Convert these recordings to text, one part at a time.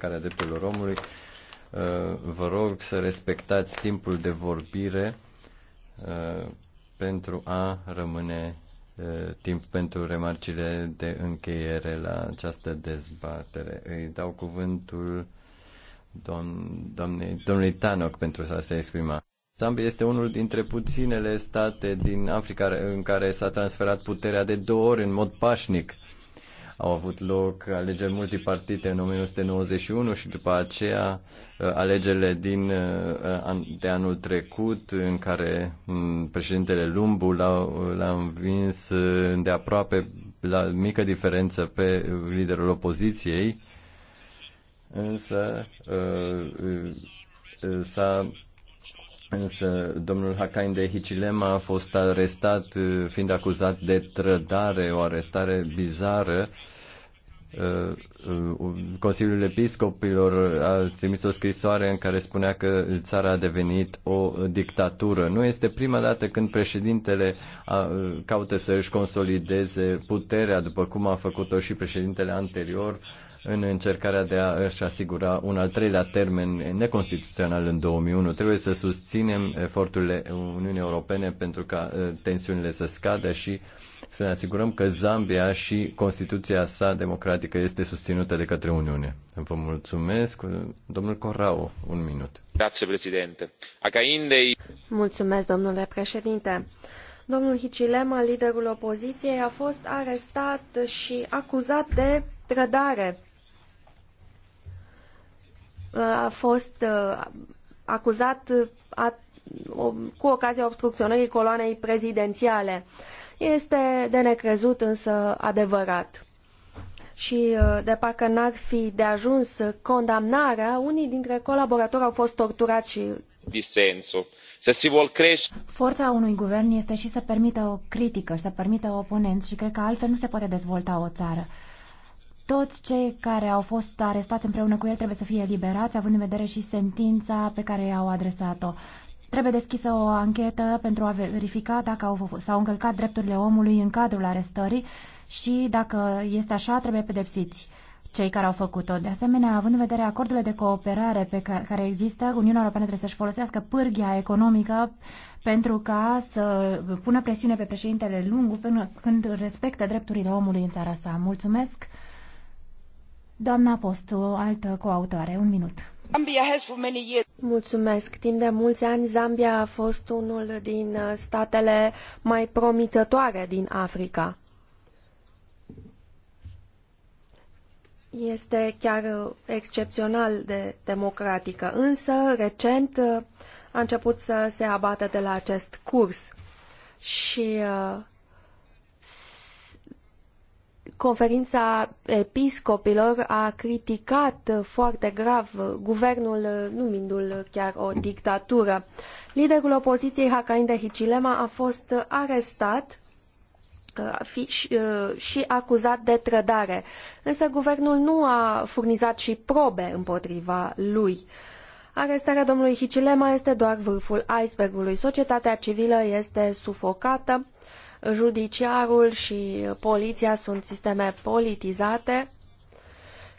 care drepturilor omului. Uh, vă rog să respectați timpul de vorbire uh, pentru a rămâne uh, timp pentru remarcile de încheiere la această dezbatere. Îi dau cuvântul domnului, domnului Tanoc pentru a se exprima. Zambia este unul dintre puținele state din Africa în care s-a transferat puterea de două ori în mod pașnic. Au avut loc alegeri multipartite în 1991 și după aceea uh, alegerile din, uh, de anul trecut în care mm, președintele Lumbu l-a învins uh, de aproape la mică diferență pe liderul opoziției. Însă s-a Însă domnul Hakain de Hicilema a fost arestat uh, fiind acuzat de trădare, o arestare bizară. Uh, uh, Consiliul Episcopilor a trimis o scrisoare în care spunea că țara a devenit o dictatură. Nu este prima dată când președintele a, caută să își consolideze puterea, după cum a făcut-o și președintele anterior, în încercarea de a își asigura un al treilea termen neconstituțional în 2001. Trebuie să susținem eforturile Uniunii Europene pentru ca uh, tensiunile să scadă și să ne asigurăm că Zambia și Constituția sa democratică este susținută de către Uniune. Vă mulțumesc. Domnul Corrao, un minut. Grazie, președinte. Acaindei... Mulțumesc, domnule președinte. Domnul Hicilema, liderul opoziției, a fost arestat și acuzat de trădare a fost uh, acuzat a, o, cu ocazia obstrucționării coloanei prezidențiale. Este de necrezut însă adevărat. Și uh, de parcă n-ar fi de ajuns condamnarea, unii dintre colaboratori au fost torturați și dissenso. Se si vol crește... Forța unui guvern este și să permită o critică, și să permită oponenți și cred că altfel nu se poate dezvolta o țară. Toți cei care au fost arestați împreună cu el trebuie să fie eliberați, având în vedere și sentința pe care i-au adresat-o. Trebuie deschisă o anchetă pentru a verifica dacă s-au încălcat drepturile omului în cadrul arestării și, dacă este așa, trebuie pedepsiți cei care au făcut-o. De asemenea, având în vedere acordurile de cooperare pe care, care există, Uniunea Europeană trebuie să-și folosească pârghia economică pentru ca să pună presiune pe președintele Lungu până când respectă drepturile omului în țara sa. Mulțumesc! Doamna Postu, o altă coautoare, un minut. Mulțumesc. Timp de mulți ani, Zambia a fost unul din uh, statele mai promițătoare din Africa. Este chiar uh, excepțional de democratică, însă recent uh, a început să se abată de la acest curs și conferința episcopilor a criticat foarte grav guvernul, numindu-l chiar o dictatură. Liderul opoziției Hakainde Hichilema a fost arestat fi, și, și acuzat de trădare, însă guvernul nu a furnizat și probe împotriva lui. Arestarea domnului Hichilema este doar vârful icebergului. Societatea civilă este sufocată uh, judiciarul și poliția sunt sisteme politizate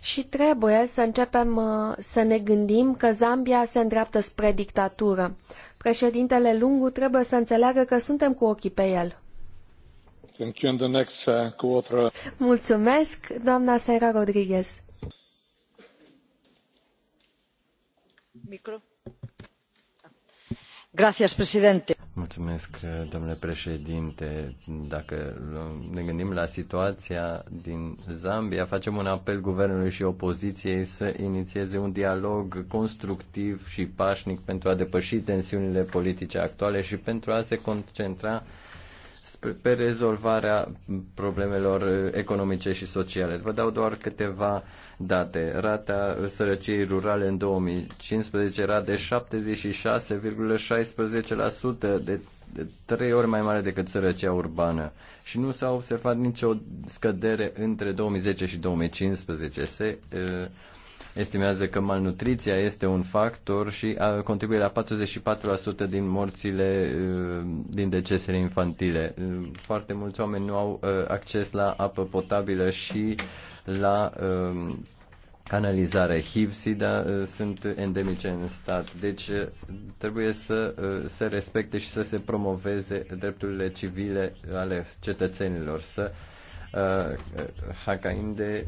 și trebuie să începem uh, să ne gândim că Zambia se îndreaptă spre dictatură. Președintele Lungu trebuie să înțeleagă că suntem cu ochii pe el. Uh, Mulțumesc, doamna Sera Rodriguez. Micro. Gracias, presidente Mulțumesc, domnule președinte. Dacă ne gândim la situația din Zambia, facem un apel guvernului și opoziției să inițieze un dialog constructiv și pașnic pentru a depăși tensiunile politice actuale și pentru a se concentra pe rezolvarea problemelor economice și sociale. Vă dau doar câteva date. Rata sărăciei rurale în 2015 era de 76,16%, de de trei ori mai mare decât sărăcia urbană și nu s-a observat nicio scădere între 2010 și 2015. Se estimează că malnutriția este un factor și a, contribuie la 44% din morțile din decesele infantile. foarte mulți oameni nu au acces la apă potabilă și la uh, canalizare HIV-SIDA uh, sunt endemice în stat. Deci uh, trebuie să uh, se respecte și să se promoveze drepturile civile ale cetățenilor, să Hakainde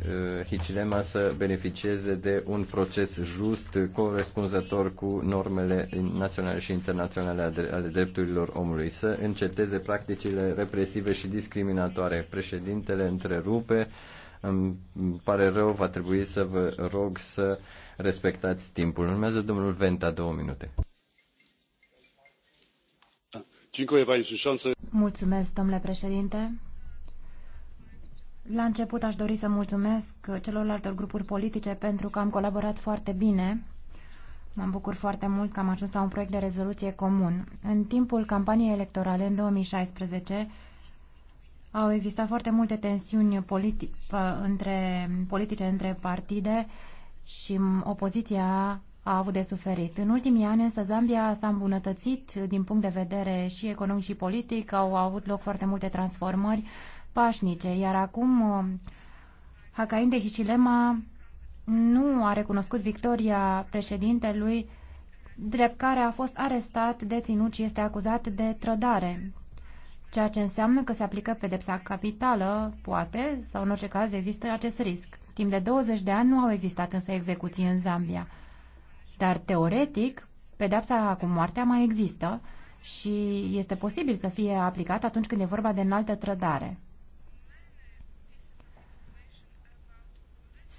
Hicilema să beneficieze de un proces just corespunzător cu normele naționale și internaționale ale drepturilor omului, să înceteze practicile represive și discriminatoare. Președintele întrerupe îmi pare rău, va trebui să vă rog să respectați timpul. Urmează domnul Venta, două minute. Mulțumesc, domnule președinte. La început aș dori să mulțumesc celorlalte grupuri politice pentru că am colaborat foarte bine. Mă bucur foarte mult că am ajuns la un proiect de rezoluție comun. În timpul campaniei electorale în 2016, au existat foarte multe tensiuni politi între, politice între partide și opoziția a avut de suferit. În ultimii ani, însă, Zambia s-a îmbunătățit din punct de vedere și economic și politic, au avut loc foarte multe transformări pașnice, iar acum uh, Hakainde Hichilema nu a recunoscut victoria președintelui, drept care a fost arestat, deținut și este acuzat de trădare ceea ce înseamnă că se aplică pedepsa capitală, poate, sau în orice caz există acest risc. Timp de 20 de ani nu au existat însă execuții în Zambia. Dar teoretic, pedepsa cu moartea mai există și este posibil să fie aplicată atunci când e vorba de înaltă trădare.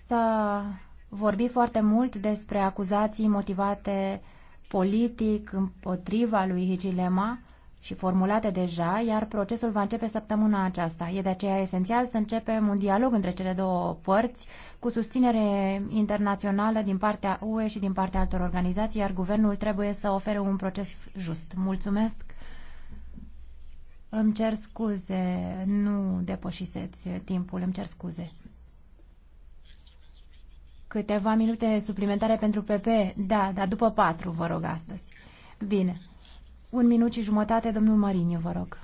S-a vorbit foarte mult despre acuzații motivate politic împotriva lui Higilema, și formulate deja, iar procesul va începe săptămâna aceasta. E de aceea esențial să începem un dialog între cele două părți cu susținere internațională din partea UE și din partea altor organizații, iar guvernul trebuie să ofere un proces just. Mulțumesc! Îmi cer scuze, nu depășiseți timpul, îmi cer scuze. Câteva minute suplimentare pentru PP? Da, dar după patru, vă rog, astăzi. Bine. Un minut și jumătate, domnul Mariniu, vă rog.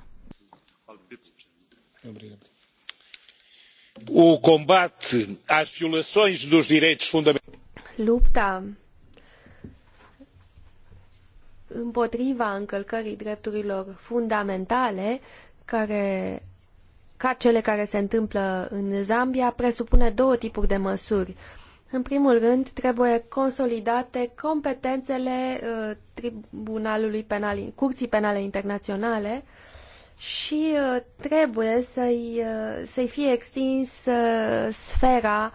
O combat às violações dos direitos fundamentais. Lupta împotriva încălcării drepturilor fundamentale, care, ca cele care se întâmplă în Zambia, presupune două tipuri de măsuri în primul rând, trebuie consolidate competențele uh, Tribunalului Penal, Curții Penale Internaționale și uh, trebuie să-i uh, să fie extins sfera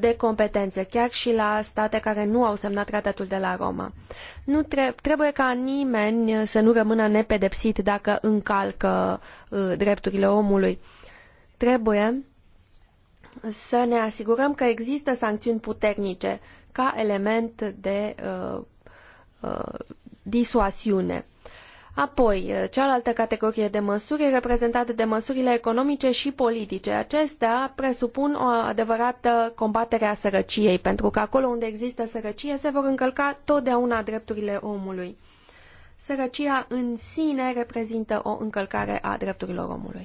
de competențe, chiar și la state care nu au semnat tratatul de la Roma. Nu tre trebuie ca nimeni să nu rămână nepedepsit dacă încalcă drepturile omului. Trebuie să ne asigurăm că există sancțiuni puternice ca element de uh, uh, disuasiune. Apoi, cealaltă categorie de măsuri e reprezentată de măsurile economice și politice. Acestea presupun o adevărată combatere a sărăciei, pentru că acolo unde există sărăcie se vor încălca totdeauna drepturile omului. Sărăcia în sine reprezintă o încălcare a drepturilor omului.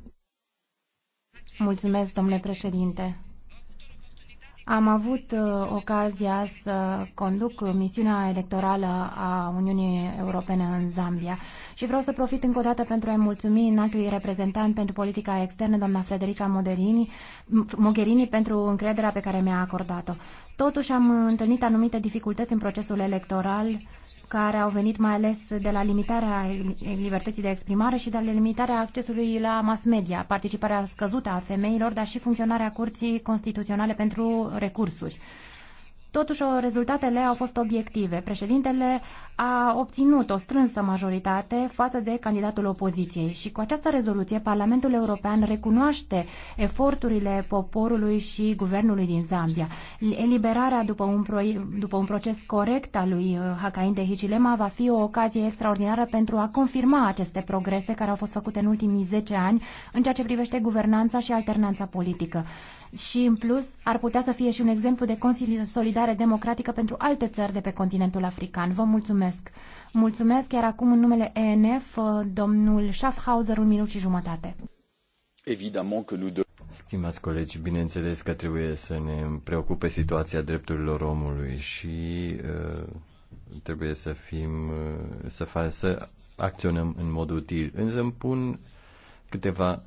Mulțumesc, domnule președinte. Am avut uh, ocazia să conduc misiunea electorală a Uniunii Europene în Zambia. Și vreau să profit încă o dată pentru a-i mulțumi înaltului reprezentant pentru politica externă, doamna Frederica Moderini, Mogherini, pentru încrederea pe care mi-a acordat-o. Totuși am întâlnit anumite dificultăți în procesul electoral care au venit mai ales de la limitarea libertății de exprimare și de la limitarea accesului la mass media, participarea scăzută a femeilor, dar și funcționarea Curții Constituționale pentru recursuri. Totuși, rezultatele au fost obiective. Președintele a obținut o strânsă majoritate față de candidatul opoziției și cu această rezoluție Parlamentul European recunoaște eforturile poporului și guvernului din Zambia. Eliberarea după un, pro- după un proces corect al lui uh, Hakainde Hichilema va fi o ocazie extraordinară pentru a confirma aceste progrese care au fost făcute în ultimii 10 ani în ceea ce privește guvernanța și alternanța politică și, în plus, ar putea să fie și un exemplu de consolidare democratică pentru alte țări de pe continentul african. Vă mulțumesc! Mulțumesc, iar acum, în numele ENF, uh, domnul Schaffhauser, un minut și jumătate. Evident că nous Stimați colegi, bineînțeles că trebuie să ne preocupe situația drepturilor omului și uh, trebuie să fim, uh, să, fa- să acționăm în mod util. Însă îmi pun câteva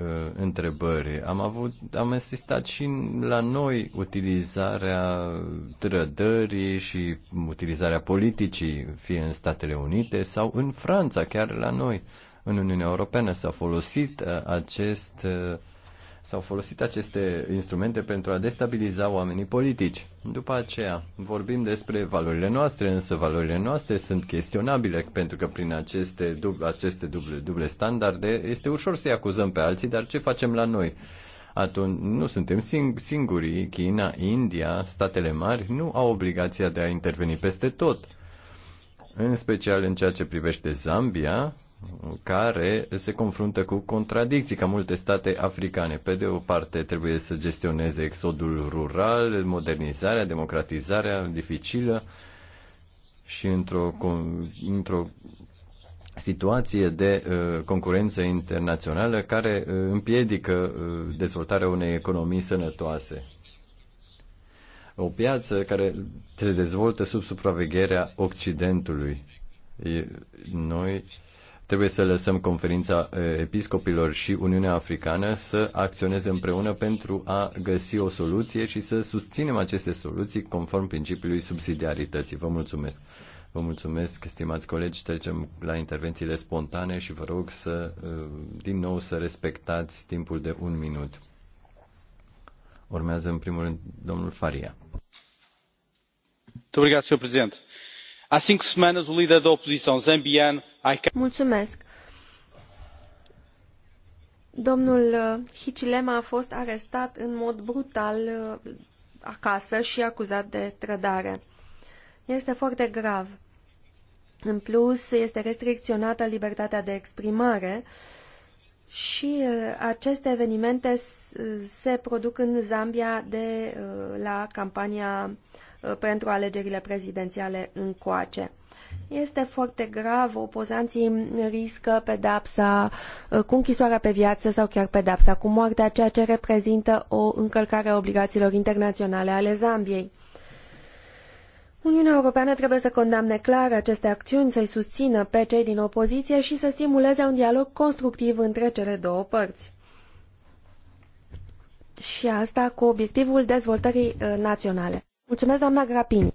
uh, întrebări. Am avut, am insistat și la noi utilizarea trădării și utilizarea politicii, fie în Statele Unite sau în Franța, chiar la noi, în Uniunea Europeană s-a folosit uh, acest uh, S-au folosit aceste instrumente pentru a destabiliza oamenii politici. După aceea, vorbim despre valorile noastre, însă valorile noastre sunt chestionabile, pentru că prin aceste, dub- aceste duble, duble standarde este ușor să-i acuzăm pe alții, dar ce facem la noi? Atunci nu suntem sing- singurii, China, India, statele mari nu au obligația de a interveni peste tot. În special în ceea ce privește Zambia, care se confruntă cu contradicții ca multe state africane. Pe de o parte trebuie să gestioneze exodul rural, modernizarea, democratizarea dificilă și într-o, într-o situație de uh, concurență internațională care uh, împiedică uh, dezvoltarea unei economii sănătoase. O piață care se dezvoltă sub supravegherea Occidentului. E, noi Trebuie să lăsăm conferința episcopilor și Uniunea Africană să acționeze împreună pentru a găsi o soluție și să susținem aceste soluții conform principiului subsidiarității. Vă mulțumesc! Vă mulțumesc, stimați colegi. Trecem la intervențiile spontane și vă rog să, din nou, să respectați timpul de un minut. Urmează, în primul rând, domnul Faria. Mulțumesc, domnul președinte. Há cinco semanas, o líder da oposição zambiano Mulțumesc. Domnul uh, Hichilema a fost arestat în mod brutal uh, acasă și acuzat de trădare. Este foarte grav. În plus, este restricționată libertatea de exprimare și uh, aceste evenimente se produc în Zambia de uh, la campania uh, pentru alegerile prezidențiale în coace. Este foarte grav, opozanții riscă pedapsa cu închisoarea pe viață sau chiar pedapsa cu moartea, ceea ce reprezintă o încălcare a obligațiilor internaționale ale Zambiei. Uniunea Europeană trebuie să condamne clar aceste acțiuni, să-i susțină pe cei din opoziție și să stimuleze un dialog constructiv între cele două părți. Și asta cu obiectivul dezvoltării uh, naționale. Mulțumesc, doamna Grapini.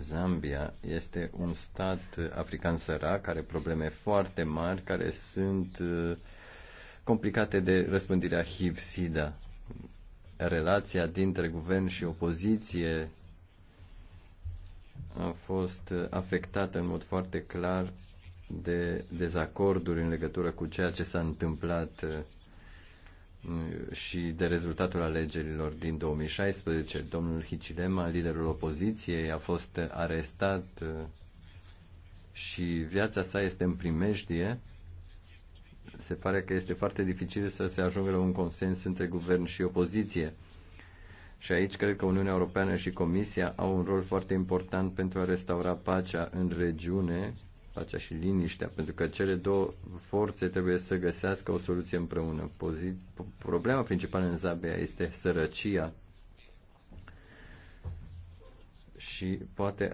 Zambia este un stat african sărac, care probleme foarte mari, care sunt uh, complicate de răspândirea HIV-SIDA. Relația dintre guvern și opoziție a fost afectată în mod foarte clar de dezacorduri în legătură cu ceea ce s-a întâmplat uh, și de rezultatul alegerilor din 2016. Domnul Hicilema, liderul opoziției, a fost arestat uh, și viața sa este în primejdie. Se pare că este foarte dificil să se ajungă la un consens între guvern și opoziție. Și aici cred că Uniunea Europeană și Comisia au un rol foarte important pentru a restaura pacea în regiune pacea și liniștea, pentru că cele două forțe trebuie să găsească o soluție împreună. problema principală în Zabia este sărăcia și poate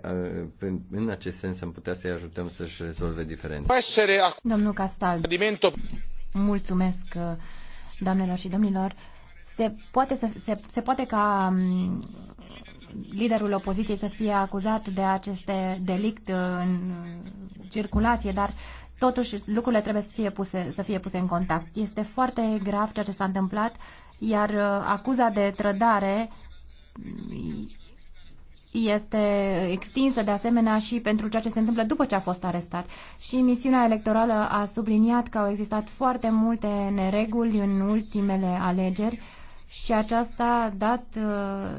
în acest sens am putea să-i ajutăm să-și rezolve diferența. Domnul Castal, mulțumesc, uh, doamnelor și domnilor. Se poate, să, se, se poate ca um, liderul opoziției să fie acuzat de aceste delict în circulație, dar totuși lucrurile trebuie să fie puse, să fie puse în contact. Este foarte grav ceea ce s-a întâmplat, iar uh, acuza de trădare este extinsă de asemenea și pentru ceea ce se întâmplă după ce a fost arestat. Și misiunea electorală a subliniat că au existat foarte multe nereguli în ultimele alegeri și aceasta a dat uh,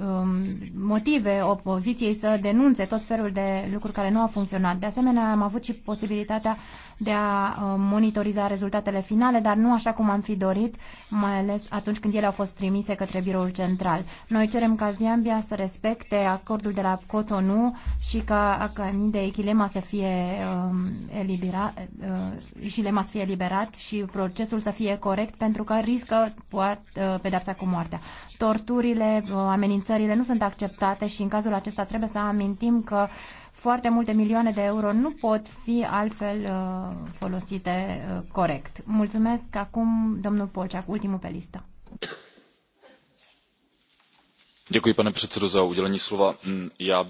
Um, motive opoziției să denunțe tot felul de lucruri care nu au funcționat. De asemenea, am avut și posibilitatea de a um, monitoriza rezultatele finale, dar nu așa cum am fi dorit, mai ales atunci când ele au fost trimise către biroul central. Noi cerem ca Ziambia să respecte acordul de la Cotonou și ca Acani de Echilema să fie um, eliberat uh, și Lema să fie eliberat și procesul să fie corect pentru că riscă poart, uh, pedepsa cu moartea. Torturile, uh, amenințările nu sunt acceptate și în cazul acesta trebuie să amintim că foarte multe milioane de euro nu pot fi altfel uh, folosite uh, corect. Mulțumesc acum domnul Polceac, ultimul pe listă. Děkuji, pane předsedo, za udělení slova. Mm, já...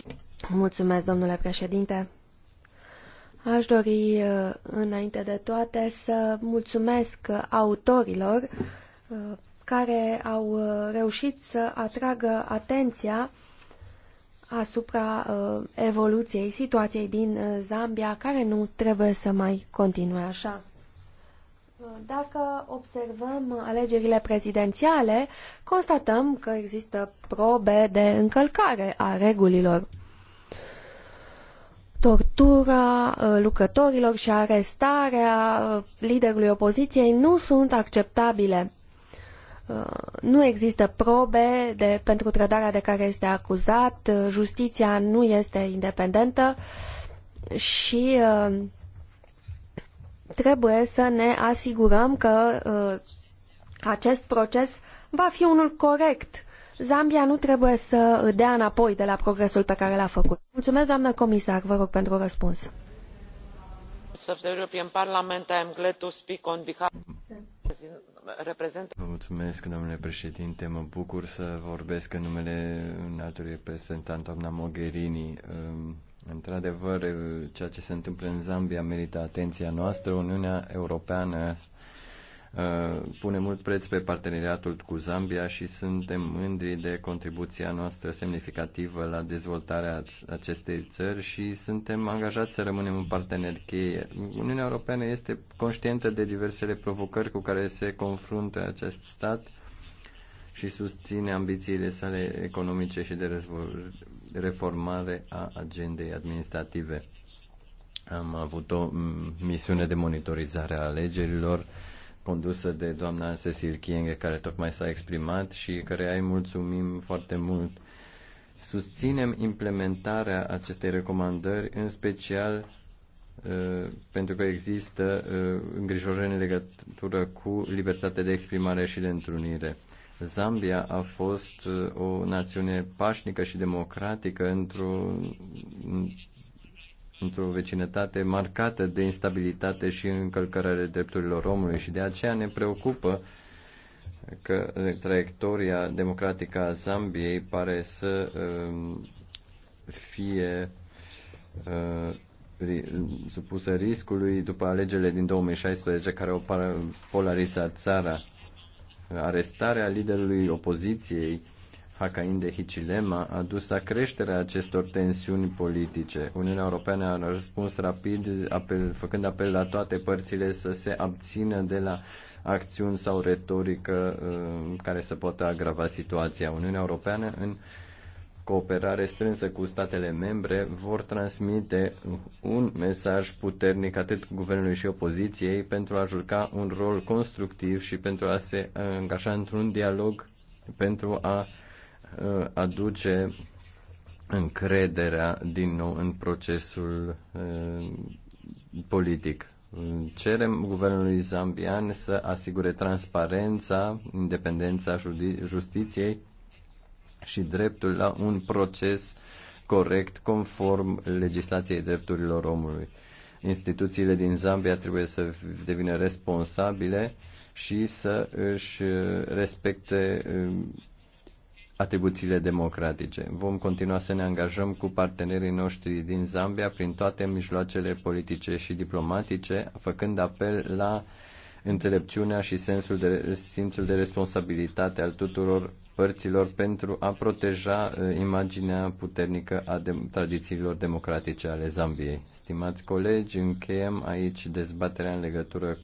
Mulțumesc, domnule președinte. Aș dori, uh, înainte de toate, să mulțumesc autorilor care au uh, reușit să atragă atenția asupra uh, evoluției situației din uh, Zambia, care nu trebuie să mai continue așa. Dacă observăm alegerile prezidențiale, constatăm că există probe de încălcare a regulilor. Tortura lucrătorilor și arestarea liderului opoziției nu sunt acceptabile Uh, nu există probe de, pentru trădarea de care este acuzat, justiția nu este independentă și uh, trebuie să ne asigurăm că uh, acest proces va fi unul corect. Zambia nu trebuie să dea înapoi de la progresul pe care l-a făcut. Mulțumesc, doamnă comisar, vă rog pentru răspuns. Vă mulțumesc, domnule președinte. Mă bucur să vorbesc în numele înaltului reprezentant, doamna Mogherini. Ehm, într-adevăr, ceea ce se întâmplă în Zambia merită atenția noastră. Uniunea Europeană Uh, pune mult preț pe parteneriatul cu Zambia și suntem mândri de contribuția noastră semnificativă la dezvoltarea acestei țări și suntem angajați să rămânem un partener cheie. Uniunea Europeană este conștientă de diversele provocări cu care se confruntă acest stat și susține ambițiile sale economice și de reformare a agendei administrative. Am avut o misiune de monitorizare a alegerilor condusă de doamna Cecil Kienge, care tocmai s-a exprimat și care ai mulțumim foarte mult. Susținem implementarea acestei recomandări, în special uh, pentru că există uh, îngrijorări în legătură cu libertatea de exprimare și de întrunire. Zambia a fost uh, o națiune pașnică și democratică într-un într-o vecinătate marcată de instabilitate și încălcărare drepturilor omului și de aceea ne preocupă că traiectoria democratică a Zambiei pare să um, fie uh, supusă riscului după alegerile din 2016 care au polarizat țara. Arestarea liderului opoziției Hakainde Hichilema a dus la creșterea acestor tensiuni politice. Uniunea Europeană a răspuns rapid, apel, făcând apel la toate părțile să se abțină de la acțiuni sau retorică uh, care să poată agrava situația. Uniunea Europeană în cooperare strânsă cu statele membre vor transmite un mesaj puternic atât guvernului și opoziției pentru a juca un rol constructiv și pentru a se angaja uh, într-un dialog pentru a Uh, aduce încrederea din nou în procesul uh, politic. Cerem guvernului zambian să asigure transparența, independența justiției și dreptul la un proces corect conform legislației drepturilor omului. Instituțiile din Zambia trebuie să devină responsabile și să își respecte um, atribuțiile democratice. Vom continua să ne angajăm cu partenerii noștri din Zambia prin toate mijloacele politice și diplomatice, făcând apel la înțelepciunea și sensul de, simțul de responsabilitate al tuturor părților pentru a proteja uh, imaginea puternică a de- tradițiilor democratice ale Zambiei. Stimați colegi, încheiem aici dezbaterea în legătură